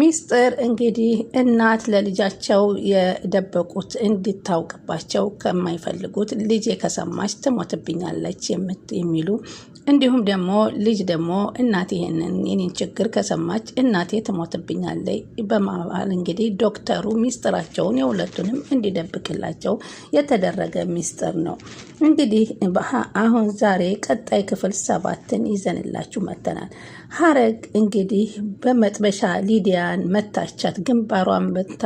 ሚስጥር እንግዲህ እናት ለልጃቸው የደበቁት እንዲታውቅባቸው ከማይፈልጉት ልጄ ከሰማች ትሞትብኛለች የሚሉ እንዲሁም ደግሞ ልጅ ደግሞ እናት ይሄንን የኔን ችግር ከሰማች እናቴ ትሞትብኛለች በማባል እንግዲህ ዶክተሩ ሚስጥራቸውን የሁለቱንም እንዲደብቅላቸው የተደረገ ሚስጥር ነው። እንግዲህ አሁን ዛሬ ቀጣይ ክፍል ሰባትን ይዘንላችሁ መጥተናል። ሀረግ እንግዲህ በመጥበሻ ሊዲያን መታቻት፣ ግንባሯን መታ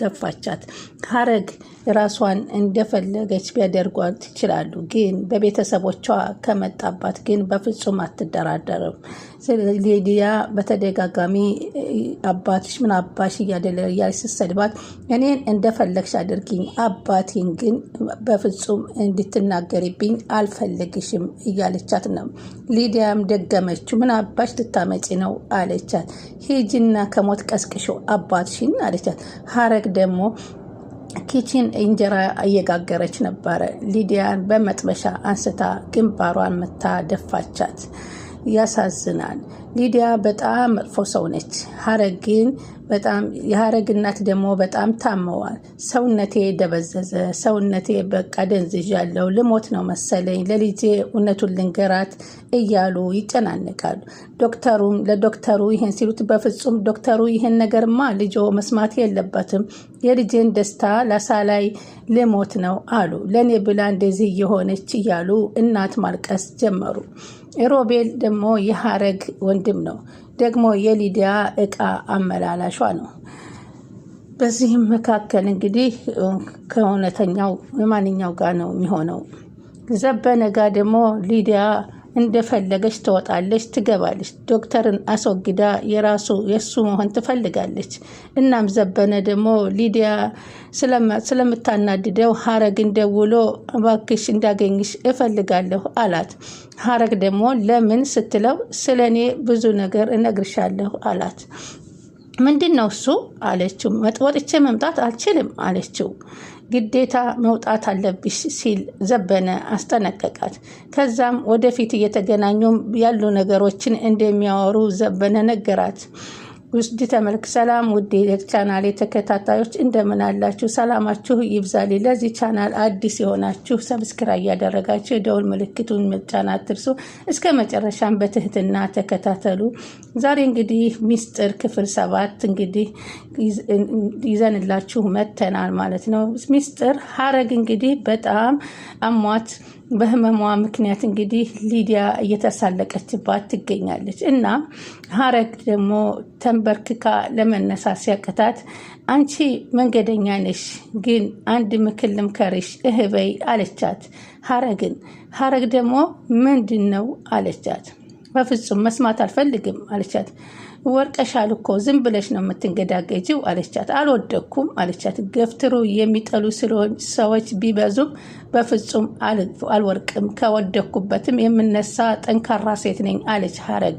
ገፋቻት። ሀረግ ራሷን እንደፈለገች ቢያደርጓት ትችላሉ፣ ግን በቤተሰቦቿ ከመጣባት ግን በፍጹም አትደራደርም። ሊዲያ በተደጋጋሚ አባትሽ ምን አባሽ እያደለ እያለች ስትሰድባት እኔን እንደፈለግሽ አድርጊኝ፣ አባቴን ግን በፍጹም እንድትናገሪብኝ አልፈልግሽም እያለቻት ነው። ሊዲያም ደገመችው ምን አባሽ ልታመጪ ነው አለቻት። ሂጂና ከሞት ቀስቅሾ አባትሽን አለቻት። ሀረግ ደግሞ ኪችን እንጀራ እየጋገረች ነበረ። ሊዲያን በመጥበሻ አንስታ ግንባሯን መታ ደፋቻት። ያሳዝናል። ሊዲያ በጣም መጥፎ ሰው ነች። ሀረግን በጣም የሀረግ እናት ደግሞ በጣም ታመዋል። ሰውነቴ ደበዘዘ፣ ሰውነቴ በቃ ደንዝዣለሁ፣ ልሞት ነው መሰለኝ፣ ለልጄ እውነቱን ልንገራት እያሉ ይጨናነቃሉ። ዶክተሩም ለዶክተሩ ይሄን ሲሉት በፍጹም ዶክተሩ ይሄን ነገርማ ልጆ መስማት የለበትም፣ የልጄን ደስታ ላሳላይ ልሞት ነው አሉ። ለእኔ ብላ እንደዚህ እየሆነች እያሉ እናት ማልቀስ ጀመሩ። ሮቤል ደግሞ የሀረግ ወንድም ነው። ደግሞ የሊዲያ እቃ አመላላሿ ነው። በዚህም መካከል እንግዲህ ከእውነተኛው የማንኛው ጋር ነው የሚሆነው? ዘበነ ጋ ደግሞ ሊዲያ እንደፈለገች ትወጣለች፣ ትገባለች። ዶክተርን አስወግዳ የራሱ የእሱ መሆን ትፈልጋለች። እናም ዘበነ ደግሞ ሊዲያ ስለምታናድደው ሀረግን ደውሎ እባክሽ እንዳገኝሽ እፈልጋለሁ አላት። ሀረግ ደግሞ ለምን ስትለው ስለ እኔ ብዙ ነገር እነግርሻለሁ አላት። ምንድን ነው እሱ አለችው። ወጥቼ መምጣት አልችልም አለችው። ግዴታ መውጣት አለብሽ ሲል ዘበነ አስጠነቀቃት። ከዛም ወደፊት እየተገናኙም ያሉ ነገሮችን እንደሚያወሩ ዘበነ ነገራት። ውድ ተመልክ ሰላም ውድ ቻናል የተከታታዮች እንደምን አላችሁ? ሰላማችሁ ይብዛል። ለዚህ ቻናል አዲስ የሆናችሁ ሰብስክራይ እያደረጋችሁ የደውል ምልክቱን መጫን አትርሱ። እስከ መጨረሻም በትህትና ተከታተሉ። ዛሬ እንግዲህ ሚስጥር ክፍል ሰባት እንግዲህ ይዘንላችሁ መተናል ማለት ነው። ሚስጥር ሀረግ እንግዲህ በጣም አሟት በህመሟ ምክንያት እንግዲህ ሊዲያ እየተሳለቀችባት ትገኛለች እና ሀረግ ደግሞ ተንበርክካ ለመነሳት ሲያቅታት አንቺ መንገደኛ ነሽ፣ ግን አንድ ምክር ልምከርሽ እህበይ አለቻት ሀረግን። ሀረግ ደግሞ ምንድን ነው አለቻት። በፍጹም መስማት አልፈልግም አለቻት። ወርቀሻል እኮ ዝም ብለሽ ነው የምትንገዳገጂው አለቻት። አልወደኩም አለቻት። ገፍትሮ የሚጠሉ ሰዎች ቢበዙም በፍጹም አልወርቅም፣ ከወደኩበትም የምነሳ ጠንካራ ሴት ነኝ አለች ሀረግ።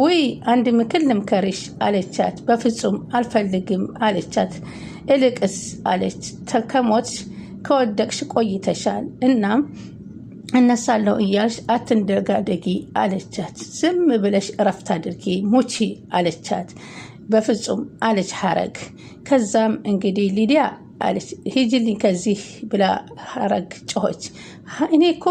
ውይ አንድ ምክር ልምከርሽ አለቻት። በፍጹም አልፈልግም አለቻት። እልቅስ አለች ከሞትሽ ከወደቅሽ ቆይተሻል እናም እነሳለሁ እያልሽ አትንደጋደጊ አለቻት። ዝም ብለሽ እረፍት አድርጊ ሙቺ አለቻት። በፍጹም አለች ሀረግ። ከዛም እንግዲህ ሊዲያ አለች ሂጅልኝ ከዚህ ብላ ሀረግ ጮኸች። እኔ እኮ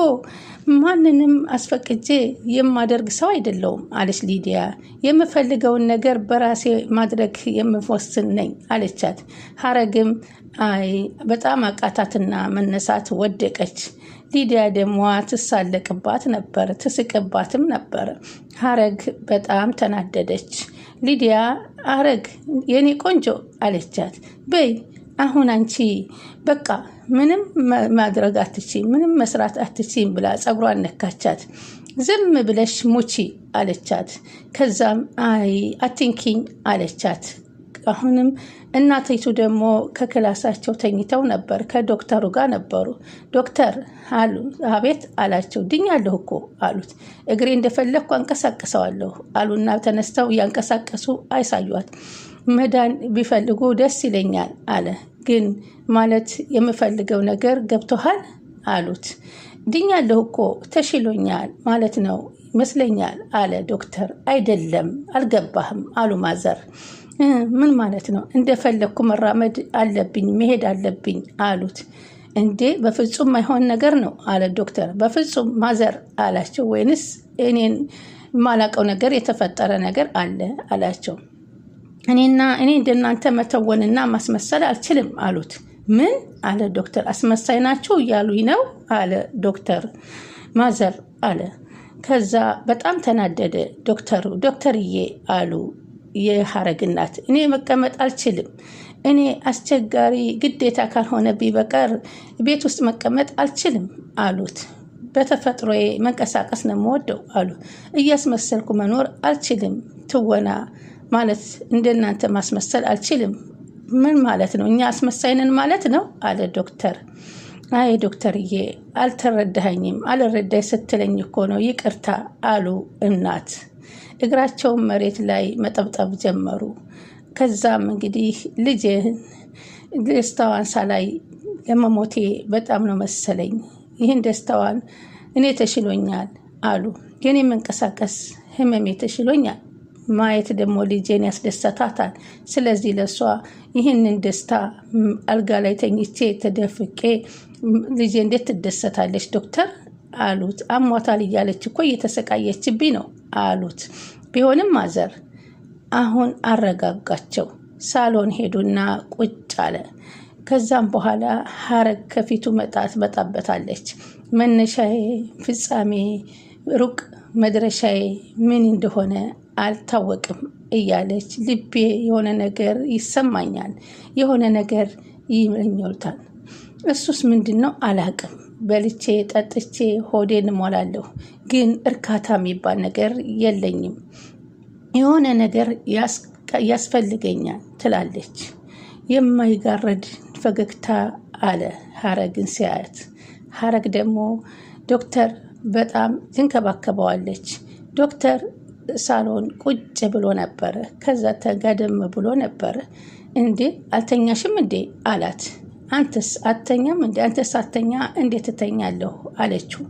ማንንም አስፈቅጄ የማደርግ ሰው አይደለውም አለች ሊዲያ። የምፈልገውን ነገር በራሴ ማድረግ የምወስን ነኝ አለቻት። ሀረግም አይ በጣም አቃታትና መነሳት ወደቀች። ሊዲያ ደግሞ ትሳለቅባት ነበር፣ ትስቅባትም ነበር። ሀረግ በጣም ተናደደች። ሊዲያ ሀረግ የኔ ቆንጆ አለቻት። በይ አሁን አንቺ በቃ ምንም ማድረግ አትችም፣ ምንም መስራት አትችም ብላ ጸጉሯን ነካቻት። ዝም ብለሽ ሙቺ አለቻት። ከዛም አይ አትንኪኝ አለቻት። አሁንም እናቲቱ ደግሞ ከክላሳቸው ተኝተው ነበር። ከዶክተሩ ጋር ነበሩ። ዶክተር አሉ። አቤት አላቸው። ድኛለሁ እኮ አሉት። እግሬ እንደፈለግኩ አንቀሳቅሰዋለሁ አሉና ተነስተው እያንቀሳቀሱ አይሳዩት። መዳን ቢፈልጉ ደስ ይለኛል አለ። ግን ማለት የምፈልገው ነገር ገብቶሃል አሉት። ድኛለሁ እኮ ተሽሎኛል ማለት ነው ይመስለኛል አለ ዶክተር። አይደለም አልገባህም አሉ ማዘር ምን ማለት ነው? እንደፈለግኩ መራመድ አለብኝ መሄድ አለብኝ አሉት። እንዴ በፍጹም አይሆን ነገር ነው አለ ዶክተር። በፍጹም ማዘር አላቸው። ወይንስ እኔን የማላቀው ነገር የተፈጠረ ነገር አለ አላቸው። እኔና እኔ እንደናንተ መተወንና ማስመሰል አልችልም አሉት። ምን አለ ዶክተር። አስመሳይ ናቸው እያሉኝ ነው አለ ዶክተር። ማዘር አለ። ከዛ በጣም ተናደደ ዶክተሩ። ዶክተርዬ አሉ የሀረግ እናት እኔ መቀመጥ አልችልም። እኔ አስቸጋሪ ግዴታ ካልሆነብኝ በቀር ቤት ውስጥ መቀመጥ አልችልም አሉት። በተፈጥሮ መንቀሳቀስ ነው የምወደው አሉ። እያስመሰልኩ መኖር አልችልም። ትወና ማለት እንደናንተ ማስመሰል አልችልም። ምን ማለት ነው? እኛ አስመሳይንን ማለት ነው አለ ዶክተር አይ ዶክተርዬ አልተረዳኸኝም፣ አልረዳኝ ስትለኝ እኮ ነው ይቅርታ አሉ እናት። እግራቸውን መሬት ላይ መጠብጠብ ጀመሩ። ከዛም እንግዲህ ልጄን ደስታዋን ሳላይ ለመሞቴ በጣም ነው መሰለኝ፣ ይህን ደስታዋን እኔ ተሽሎኛል አሉ። የኔ መንቀሳቀስ ህመሜ ተሽሎኛል ማየት ደግሞ ልጄን ያስደሰታታል። ስለዚህ ለሷ ይህንን ደስታ አልጋ ላይ ተኝቼ ተደፍቄ ልጄ እንዴት ትደሰታለች ዶክተር አሉት። አሟታል እያለች እኮ እየተሰቃየችብኝ ነው አሉት። ቢሆንም ማዘር አሁን አረጋጋቸው። ሳሎን ሄዱና ቁጭ አለ። ከዛም በኋላ ሀረግ ከፊቱ መጣ ትመጣበታለች። መነሻዬ ፍጻሜ ሩቅ መድረሻዬ ምን እንደሆነ አልታወቅም እያለች ልቤ የሆነ ነገር ይሰማኛል፣ የሆነ ነገር ይመኞታል። እሱስ ምንድን ነው አላቅም። በልቼ ጠጥቼ ሆዴን እሞላለሁ፣ ግን እርካታ የሚባል ነገር የለኝም። የሆነ ነገር ያስፈልገኛል ትላለች። የማይጋረድ ፈገግታ አለ ሀረግን ሲያያት። ሀረግ ደግሞ ዶክተር በጣም ትንከባከበዋለች። ዶክተር ሳሎን ቁጭ ብሎ ነበረ። ከዛ ተጋደም ብሎ ነበረ። እንዴ አልተኛሽም እንዴ አላት። አንተስ አተኛም እንዴ? አንተስ አተኛ እንዴት ትተኛለሁ አለችው።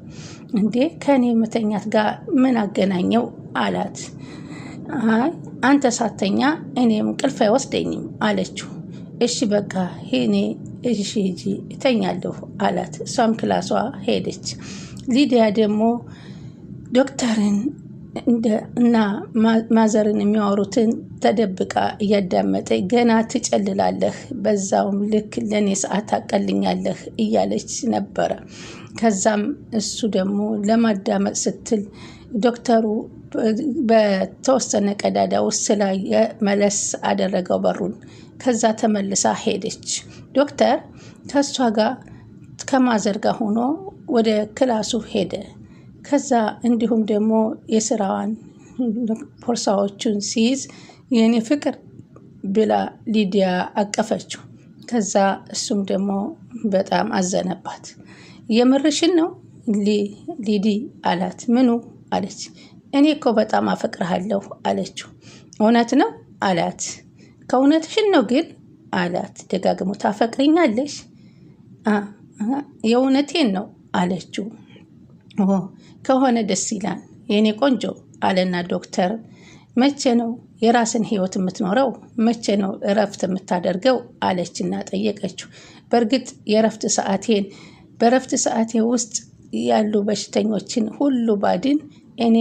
እንዴ ከእኔ መተኛት ጋር ምን አገናኘው አላት። አይ አንተ ሳተኛ እኔም ቅልፍ አይወስደኝም አለችው። እሺ በቃ ሄኔ እሺ ሂጂ እተኛለሁ አላት። እሷም ክላሷ ሄደች። ሊዲያ ደግሞ ዶክተርን እና ማዘርን የሚያወሩትን ተደብቃ እያዳመጠ ገና ትጨልላለህ፣ በዛውም ልክ ለእኔ ሰዓት ታቀልኛለህ እያለች ነበረ። ከዛም እሱ ደግሞ ለማዳመጥ ስትል ዶክተሩ በተወሰነ ቀዳዳ ውስጥ ስላየ መለስ አደረገው በሩን። ከዛ ተመልሳ ሄደች። ዶክተር ከእሷ ጋር ከማዘር ጋር ሆኖ ወደ ክላሱ ሄደ። ከዛ እንዲሁም ደግሞ የስራዋን ቦርሳዎቹን ሲይዝ የኔ ፍቅር ብላ ሊዲያ አቀፈችው። ከዛ እሱም ደግሞ በጣም አዘነባት። የምርሽን ነው ሊዲ አላት። ምኑ አለች። እኔ እኮ በጣም አፈቅርሃለሁ አለችው። እውነት ነው አላት። ከእውነትሽን ነው ግን አላት ደጋግሞ። ታፈቅሪኛለሽ የእውነቴን ነው አለችው። ከሆነ ደስ ይላል የእኔ ቆንጆ አለና ዶክተር መቼ ነው የራስን ህይወት የምትኖረው? መቼ ነው እረፍት የምታደርገው? አለችና ጠየቀችው። በእርግጥ የእረፍት ሰዓቴን በእረፍት ሰዓቴ ውስጥ ያሉ በሽተኞችን ሁሉ ባድን እኔ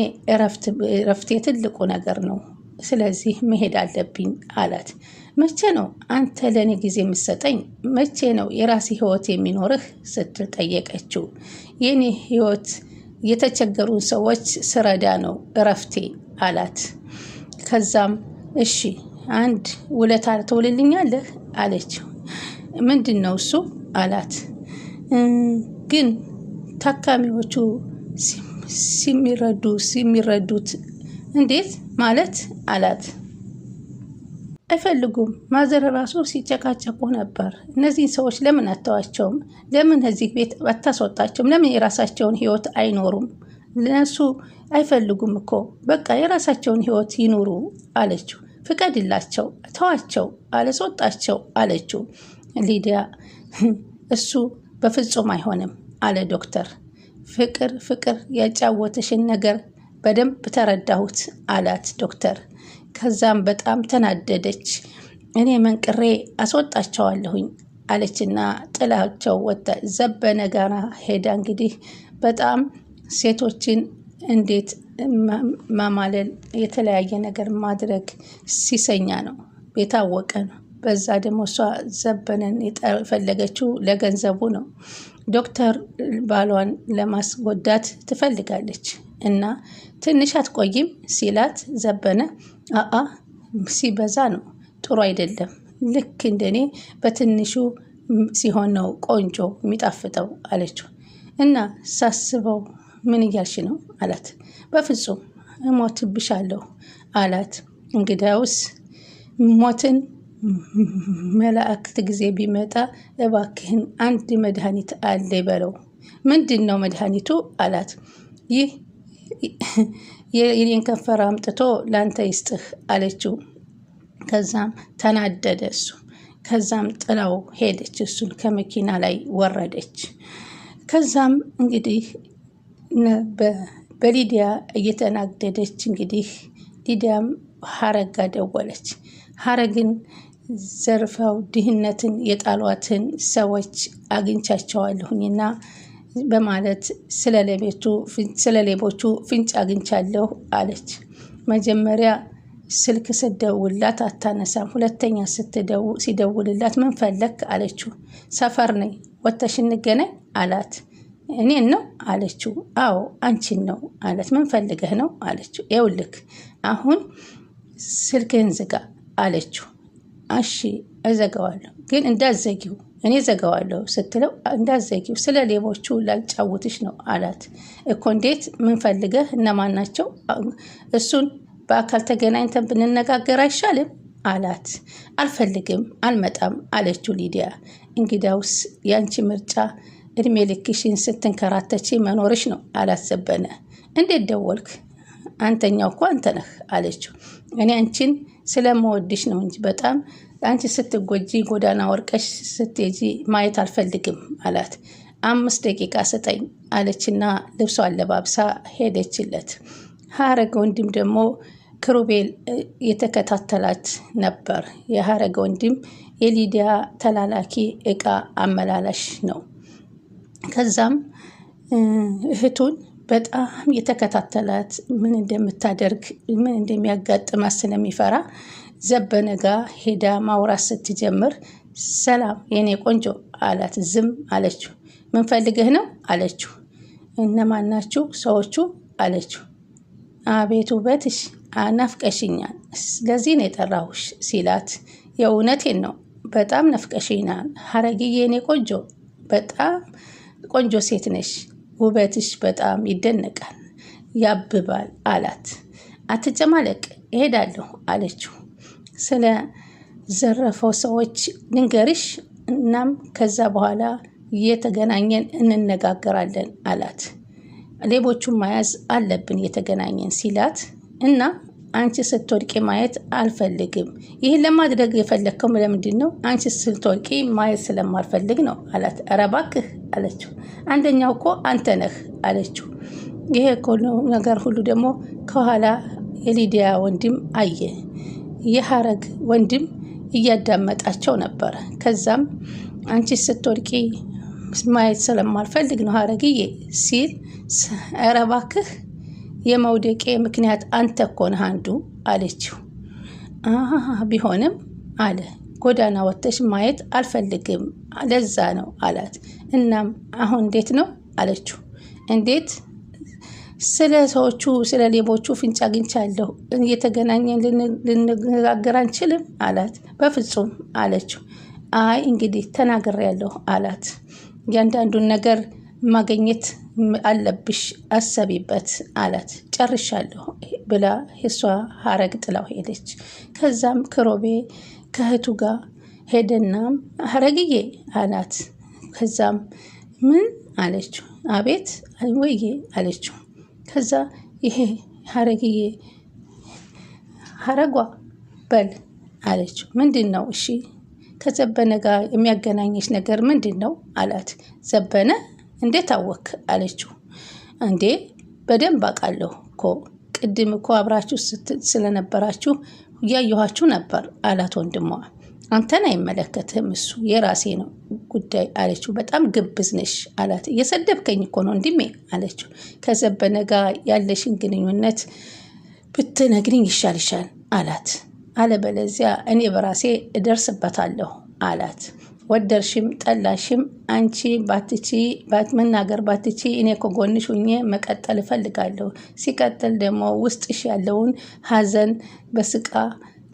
እረፍቴ ትልቁ ነገር ነው ስለዚህ መሄድ አለብኝ አላት። መቼ ነው አንተ ለእኔ ጊዜ የምትሰጠኝ? መቼ ነው የራሴ ህይወት የሚኖርህ ስትል ጠየቀችው። የኔ ህይወት የተቸገሩን ሰዎች ስረዳ ነው እረፍቴ አላት። ከዛም እሺ አንድ ውለታ ትውልልኛለህ አለችው። ምንድን ነው እሱ አላት። ግን ታካሚዎቹ ሲሚረዱ ሲሚረዱት እንዴት ማለት አላት። አይፈልጉም ማዘር ራሱ ሲጨቃጨቁ ነበር። እነዚህን ሰዎች ለምን አተዋቸውም? ለምን እዚህ ቤት አታስወጣቸውም? ለምን የራሳቸውን ህይወት አይኖሩም? ለእነሱ አይፈልጉም እኮ በቃ የራሳቸውን ህይወት ይኑሩ አለችው። ፍቀድላቸው፣ ተዋቸው፣ አለስወጣቸው አለችው። ሊዲያ እሱ በፍጹም አይሆንም አለ ዶክተር። ፍቅር ፍቅር ያጫወተሽን ነገር በደንብ ተረዳሁት አላት ዶክተር። ከዛም በጣም ተናደደች። እኔ መንቅሬ አስወጣቸዋለሁኝ አለችና ጥላቸው ወጣ። ዘበነ ጋራ ሄዳ እንግዲህ በጣም ሴቶችን እንዴት ማማለል የተለያየ ነገር ማድረግ ሲሰኛ ነው የታወቀ ነው። በዛ ደግሞ እሷ ዘበነን የፈለገችው ለገንዘቡ ነው። ዶክተር ባሏን ለማስጎዳት ትፈልጋለች። እና ትንሽ አትቆይም ሲላት ዘበነ አአ ሲበዛ ነው ጥሩ አይደለም። ልክ እንደኔ በትንሹ ሲሆን ነው ቆንጆ የሚጣፍጠው አለችው። እና ሳስበው ምን እያልሽ ነው አላት። በፍጹም እሞትብሻለሁ አላት። እንግዳውስ ሞትን መላእክት ጊዜ ቢመጣ እባክህን አንድ መድኃኒት አለ በለው። ምንድን ነው መድኃኒቱ አላት። ይህ የኔን ከንፈር አምጥቶ ላንተ ይስጥህ አለችው። ከዛም ተናደደ እሱ። ከዛም ጥላው ሄደች፣ እሱን ከመኪና ላይ ወረደች። ከዛም እንግዲህ በሊዲያ እየተናደደች እንግዲህ ሊዲያም ሀረግ ደወለች። ሀረግን ዘርፈው ድህነትን የጣሏትን ሰዎች አግኝቻቸዋለሁኝና በማለት ስለ ሌቦቹ ፍንጭ አግኝቻለሁ አለች። መጀመሪያ ስልክ ስደውላት አታነሳም። ሁለተኛ ሲደውልላት ምን ፈለክ አለችው። ሰፈር ነኝ፣ ወተሽ እንገናኝ አላት። እኔን ነው አለችው። አዎ አንቺን ነው አላት። ምን ፈልገህ ነው አለችው። ይኸውልህ አሁን ስልክህን ዝጋ አለችው። እሺ እዘጋዋለሁ ግን እንዳዘጊው እኔ ዘጋዋለሁ ስትለው እንዳዘጊው ስለ ሌቦቹ ላልጫውትሽ ነው አላት። እኮ እንዴት ምንፈልገህ እነማን ናቸው? እሱን በአካል ተገናኝተን ብንነጋገር አይሻልም አላት። አልፈልግም፣ አልመጣም አለችው ሊዲያ። እንግዳውስ የአንቺ ምርጫ እድሜ ልክሽን ስትንከራተች መኖርሽ ነው አላት ዘበነ። እንዴት ደወልክ? አንተኛው እኮ አንተ ነህ አለችው። እኔ አንቺን ስለመወድሽ ነው እንጂ በጣም አንቺ ስትጎጂ ጎዳና ወርቀሽ ስትሄጂ ማየት አልፈልግም አላት። አምስት ደቂቃ ስጠኝ አለችና ልብሷ አለባብሳ ሄደችለት። ሀረግ ወንድም ደግሞ ክሩቤል የተከታተላት ነበር። የሀረግ ወንድም የሊዲያ ተላላኪ እቃ አመላላሽ ነው። ከዛም እህቱን በጣም የተከታተላት ምን እንደምታደርግ ምን እንደሚያጋጥማት ስለሚፈራ ዘበነ ሄዳ ማውራት ስትጀምር ሰላም የኔ ቆንጆ አላት። ዝም አለችው። ምን ፈልገህ ነው አለችው። እነማን ናችሁ ሰዎቹ አለችው። አቤት ውበትሽ ናፍቀሽኛል፣ ስለዚህ ነው የጠራሁሽ ሲላት፣ የእውነቴን ነው በጣም ነፍቀሽኛል ሀረግዬ፣ የኔ ቆንጆ በጣም ቆንጆ ሴት ነሽ፣ ውበትሽ በጣም ይደነቃል፣ ያብባል አላት። አትጨማለቅ፣ እሄዳለሁ አለችው። ስለ ዘረፈው ሰዎች ንገርሽ፣ እናም ከዛ በኋላ እየተገናኘን እንነጋገራለን አላት። ሌቦቹን መያዝ አለብን እየተገናኘን ሲላት እና አንቺ ስትወድቂ ማየት አልፈልግም። ይህን ለማድረግ የፈለግከው ለምንድን ነው? አንቺ ስትወድቂ ማየት ስለማልፈልግ ነው አላት። ኧረ እባክህ አለችው። አንደኛው እኮ አንተ ነህ አለችው። ይሄ ነገር ሁሉ ደግሞ ከኋላ የሊዲያ ወንድም አየ። የሀረግ ወንድም እያዳመጣቸው ነበረ። ከዛም አንቺ ስትወድቂ ማየት ስለማልፈልግ ነው ሀረግዬ ሲል፣ ኧረ እባክህ የመውደቄ ምክንያት አንተ እኮ ነህ አንዱ አለችው። ቢሆንም አለ ጎዳና ወጥተሽ ማየት አልፈልግም ለዛ ነው አላት። እናም አሁን እንዴት ነው አለችው። እንዴት ስለ ሰዎቹ ስለ ሌቦቹ ፍንጭ አግኝቻለሁ፣ እየተገናኘን ልንነጋገር አንችልም አላት። በፍጹም አለችው። አይ እንግዲህ ተናግሬያለሁ አላት። እያንዳንዱን ነገር ማግኘት አለብሽ፣ አሰቢበት አላት። ጨርሻለሁ ብላ ሄሷ ሀረግ ጥላው ሄደች። ከዛም ክሮቤ ከእህቱ ጋር ሄደና ሀረግዬ አላት። ከዛም ምን አለችው? አቤት ወይዬ አለችው። ከዛ ይሄ ሀረግዬ ሀረጓ በል አለችው። ምንድን ነው እሺ ከዘበነ ጋር የሚያገናኘች ነገር ምንድን ነው አላት። ዘበነ እንዴት አወክ አለችው። እንዴ በደንብ አውቃለሁ እኮ ቅድም እኮ አብራችሁ ስለነበራችሁ እያየኋችሁ ነበር አላት ወንድሟ። አንተን አይመለከትህም፣ እሱ የራሴ ነው ጉዳይ አለችው። በጣም ግብዝ ነሽ አላት። እየሰደብከኝ እኮ ነው እንዲሜ አለችው። ከዘበነ ጋር ያለሽን ግንኙነት ብትነግሪኝ ይሻልሻል አላት። አለበለዚያ እኔ በራሴ እደርስበታለሁ አላት። ወደርሽም ጠላሽም አንቺ ባትቺ መናገር ባትቺ እኔ ከጎንሽ ሁኜ መቀጠል እፈልጋለሁ። ሲቀጥል ደግሞ ውስጥሽ ያለውን ሀዘን በስቃ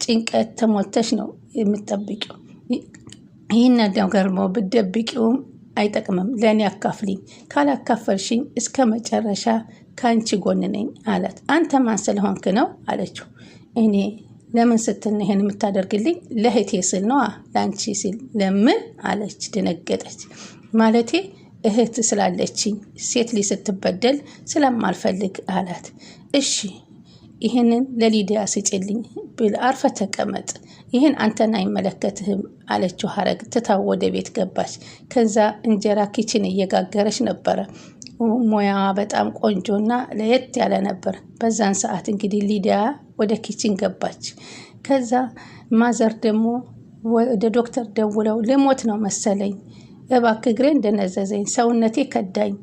ጭንቀት ተሞልተሽ ነው የምትጠብቂው። ይህን ነገር ሞ ብትደብቂውም አይጠቅምም። ለእኔ አካፍልኝ፣ ካላካፈልሽኝ እስከ መጨረሻ ከአንቺ ጎን ነኝ አላት። አንተ ማን ስለሆንክ ነው አለችው። እኔ ለምን ስትል ይሄን የምታደርግልኝ? ለእህቴ ስል ነዋ፣ ለአንቺ ሲል ለምን አለች። ደነገጠች። ማለቴ እህት ስላለችኝ ሴት ልጅ ስትበደል ስለማልፈልግ አላት። እሺ ይህንን ለሊዲያ ስጭልኝ ብል አርፈ ተቀመጥ፣ ይህን አንተን አይመለከትህም አለችው። ሀረግ ትታው ወደ ቤት ገባች። ከዛ እንጀራ ኪችን እየጋገረች ነበረ። ሙያዋ በጣም ቆንጆና ለየት ያለ ነበር። በዛን ሰዓት እንግዲህ ሊዲያ ወደ ኪችን ገባች። ከዛ ማዘር ደግሞ ወደ ዶክተር ደውለው ልሞት ነው መሰለኝ እባክ እግሬ እንደነዘዘኝ ሰውነቴ ከዳኝ፣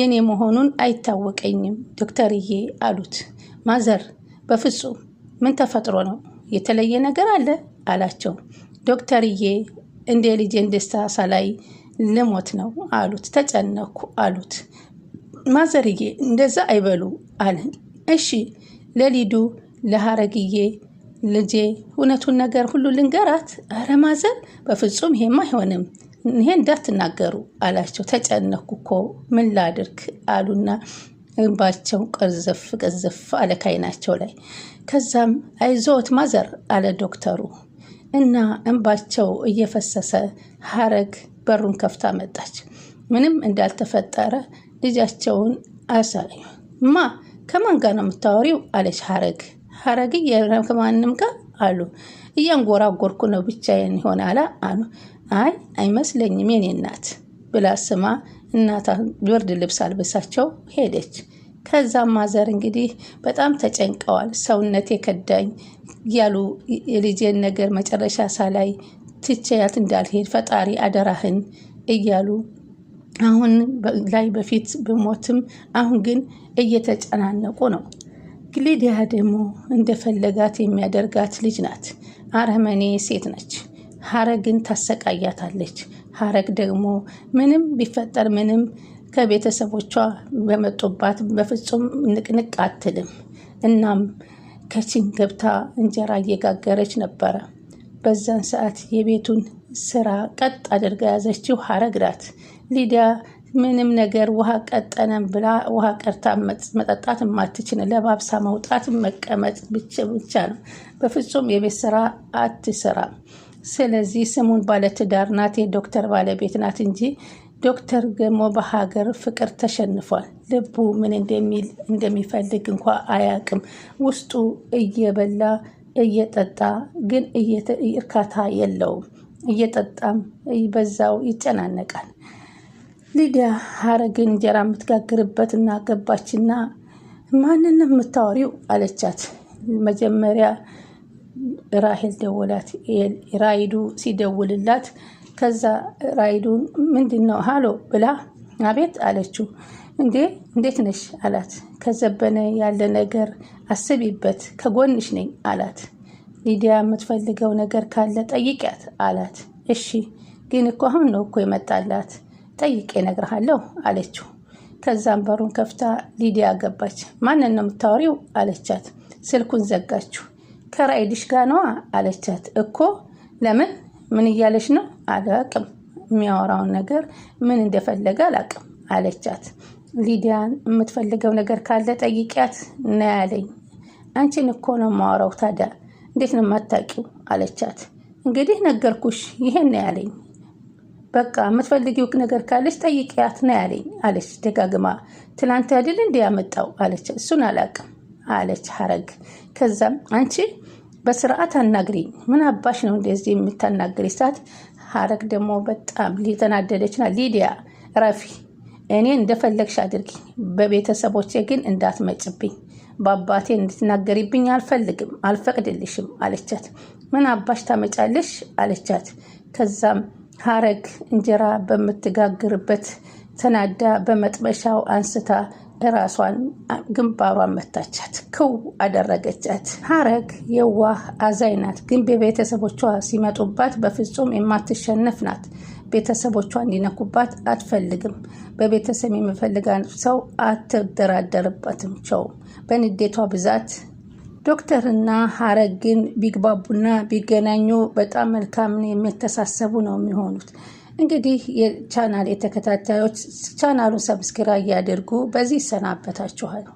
የኔ መሆኑን አይታወቀኝም ዶክተርዬ አሉት። ማዘር በፍጹም ምን ተፈጥሮ ነው? የተለየ ነገር አለ አላቸው። ዶክተርዬ እንደ ልጄን ደስታ ሳላይ ልሞት ነው አሉት። ተጨነኩ አሉት። ማዘርዬ እንደዛ አይበሉ አለ። እሺ ለሊዱ ለሀረግዬ ልጄ እውነቱን ነገር ሁሉ ልንገራት። አረ ማዘር በፍጹም ይሄም አይሆንም፣ ይሄ እንዳትናገሩ አላቸው። ተጨነኩ እኮ ምን ላድርግ አሉና እንባቸው ቀዘፍ ቀዘፍ አለ ካይናቸው ላይ። ከዛም አይዞት ማዘር አለ ዶክተሩ እና እንባቸው እየፈሰሰ ሀረግ በሩን ከፍታ መጣች። ምንም እንዳልተፈጠረ ልጃቸውን አሳዩ። ማ ከማን ጋር ነው የምታወሪው? አለች ሀረግ። ሀረግ ከማንም ጋር አሉ። እያንጎራጎርኩ ነው ብቻዬን ይሆናላ አሉ። አይ አይመስለኝም የኔ ናት ብላ ስማ እናታ ብርድ ልብስ አልብሳቸው ሄደች። ከዛም ማዘር እንግዲህ በጣም ተጨንቀዋል። ሰውነት የከዳኝ እያሉ የልጄን ነገር መጨረሻ ሳላይ ትቼያት እንዳልሄድ ፈጣሪ አደራህን እያሉ አሁን ላይ በፊት ብሞትም አሁን ግን እየተጨናነቁ ነው። ሊዲያ ደግሞ እንደፈለጋት የሚያደርጋት ልጅ ናት። አረመኔ ሴት ነች። ሀረግን ታሰቃያታለች። ሀረግ ደግሞ ምንም ቢፈጠር ምንም ከቤተሰቦቿ በመጡባት በፍጹም ንቅንቅ አትልም። እናም ከችን ገብታ እንጀራ እየጋገረች ነበረ። በዛን ሰዓት የቤቱን ስራ ቀጥ አድርጋ ያዘችው ሀረግ ናት። ሊዲያ ምንም ነገር ውሃ ቀጠነም ብላ ውሃ ቀርታ መጠጣት የማትችል ለባብሳ መውጣት መቀመጥ ብቻ ነው። በፍጹም የቤት ስራ አትሰራም። ስለዚህ ስሙን ባለትዳር ናት፣ የዶክተር ባለቤት ናት እንጂ ዶክተር ደግሞ በሀገር ፍቅር ተሸንፏል። ልቡ ምን እንደሚል እንደሚፈልግ እንኳ አያውቅም። ውስጡ እየበላ እየጠጣ ግን እርካታ የለውም። እየጠጣም በዛው ይጨናነቃል። ሊዲያ ሀረግን እንጀራ የምትጋግርበት እና ገባችና ማንንም የምታወሪው አለቻት መጀመሪያ ራሄል ደወላት። ራይዱ ሲደውልላት ከዛ ራይዱን ምንድን ነው ሀሎ ብላ አቤት አለችው። እንዴ እንዴት ነሽ አላት። ከዘበነ ያለ ነገር አስቢበት፣ ከጎንሽ ነኝ አላት። ሊዲያ የምትፈልገው ነገር ካለ ጠይቂያት አላት። እሺ ግን እኮ አሁን ነው እኮ የመጣላት ጠይቄ እነግርሃለሁ አለችው። ከዛም በሩን ከፍታ ሊዲያ ገባች። ማንን ነው የምታወሪው አለቻት። ስልኩን ዘጋችሁ። ከራይድሽ ጋር ነዋ አለቻት። እኮ ለምን ምን እያለች ነው? አላቅም የሚያወራውን ነገር ምን እንደፈለገ አላቅም አለቻት። ሊዲያን የምትፈልገው ነገር ካለ ጠይቂያት ነው ያለኝ። አንቺን እኮ ነው የማወራው። ታዲያ እንዴት ነው የማታውቂው? አለቻት። እንግዲህ ነገርኩሽ፣ ይሄን ነው ያለኝ። በቃ የምትፈልጊው ነገር ካለች ጠይቂያት ነው ያለኝ አለች ደጋግማ። ትላንት አይደል እንዲህ ያመጣው አለች። እሱን አላቅም አለች ሀረግ። ከዛም አንቺ በስርዓት አናግሪኝ፣ ምን አባሽ ነው እንደዚህ የምታናግሪ? ሰዓት ሀረግ ደግሞ በጣም ሊተናደደችና ሊዲያ ረፊ እኔ እንደፈለግሽ አድርጊ፣ በቤተሰቦቼ ግን እንዳትመጭብኝ፣ በአባቴ እንድትናገሪብኝ አልፈልግም፣ አልፈቅድልሽም አለቻት። ምን አባሽ ታመጫለሽ አለቻት። ከዛም ሀረግ እንጀራ በምትጋግርበት ተናዳ በመጥበሻው አንስታ ራሷን ግንባሯን መታቻት፣ ክው አደረገቻት። ሀረግ የዋህ አዛኝ ናት፣ ግን ቤተሰቦቿ ሲመጡባት በፍጹም የማትሸነፍ ናት። ቤተሰቦቿ እንዲነኩባት አትፈልግም። በቤተሰብ የሚፈልጋ ሰው አትደራደርበትም። ቸው በንዴቷ ብዛት ዶክተርና ሀረግ ግን ቢግባቡና ቢገናኙ በጣም መልካምን የሚተሳሰቡ ነው የሚሆኑት። እንግዲህ የቻናል የተከታታዮች ቻናሉን ሰብስክራይብ እያደርጉ በዚህ ይሰናበታችኋል።